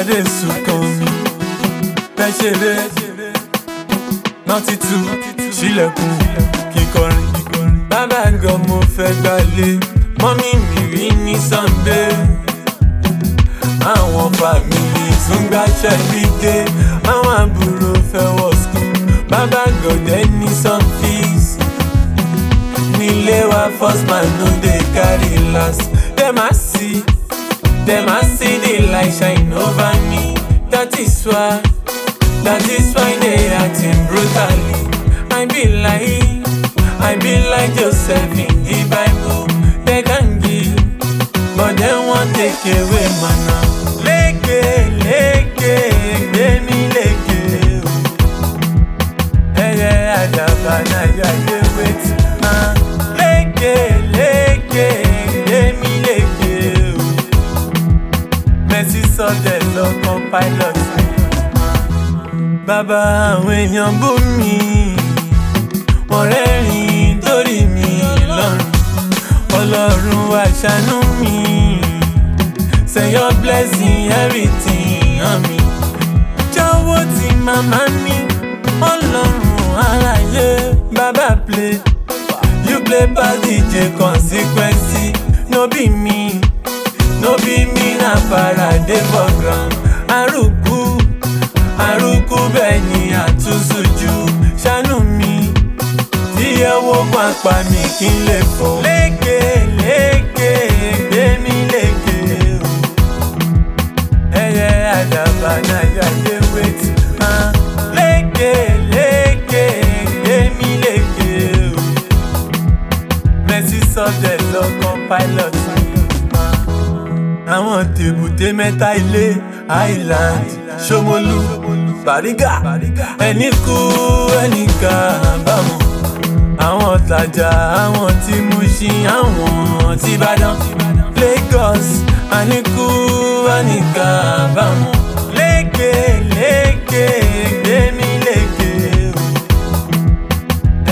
adé sùkàn mi fẹ́ ṣeré nọ́ọ̀tì tù sílẹ̀kùn kí n kọrin. bàbá gan mo fẹ́ gbalé mọ́mí mi rí ní Sunday àwọn fàmìlì tún gbàṣẹ́ gbígbé àwọn àbúrò fẹ́ wọ̀ skul bàbá gan dẹ́ ní some fees nílé wa first man no dey carry last dem á sí dem á sí the light shine why, that is why they acting brutally. I be like, I be like Joseph in the Bible. They can give, but they won't take away mana. Leke, leke, gbemi leke o. Ẹyẹ àdàbà náà yọ ayé wetin. Leke, leke, gbemi leke o. Mercy Sunday lọ kan pilot bàbá àwọn èèyàn bú mi wọ́n rẹ́rìn lórí mi lọ́rùn ọlọ́run wá ṣàánú mi say your blessing everything on me jọ̀wọ́ ti màmá mi ọlọ́run aráyé bàbá play you play pass DJ consequence no be me. pa mí kí n lè fò. léke léke gbé mi léke o. ẹyẹ àdàbà náà yà dé wétí. léke léke gbé mi léke o. mẹ́sì sọ́dẹ̀ lọ́kàn pilot àwọn tèbùté mẹ́ta ilé island Ṣómólú Bàrígà ẹni kú ẹnìkan bámu àwọn ọ̀tàjà àwọn tí Mùṣin àwọn tí Ìbàdàn Lagos àníkú àníkà bámu lékè lékè gbémi lékè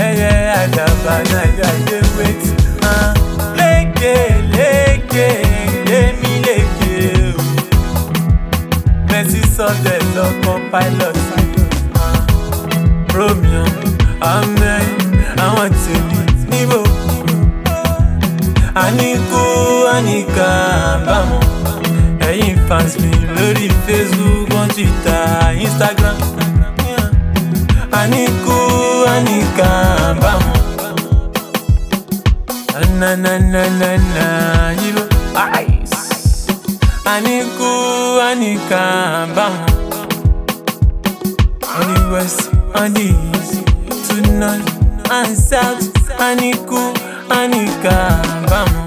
ẹyẹ àdàbà nàìjà dé wẹ́tì lékè lékè gbémi lékè mẹ́tí sọ́dẹ̀ lọ́kọ́ pilot. kó Annika Bamo. Ẹ̀yin fans mi lórí Facebook, on Twitter, Instagram. Aniku Annika Bamo. Na na na na na ice. Aniku Annika Bamo. On the west, on the east, to north and south. Aniku Annika Bamo.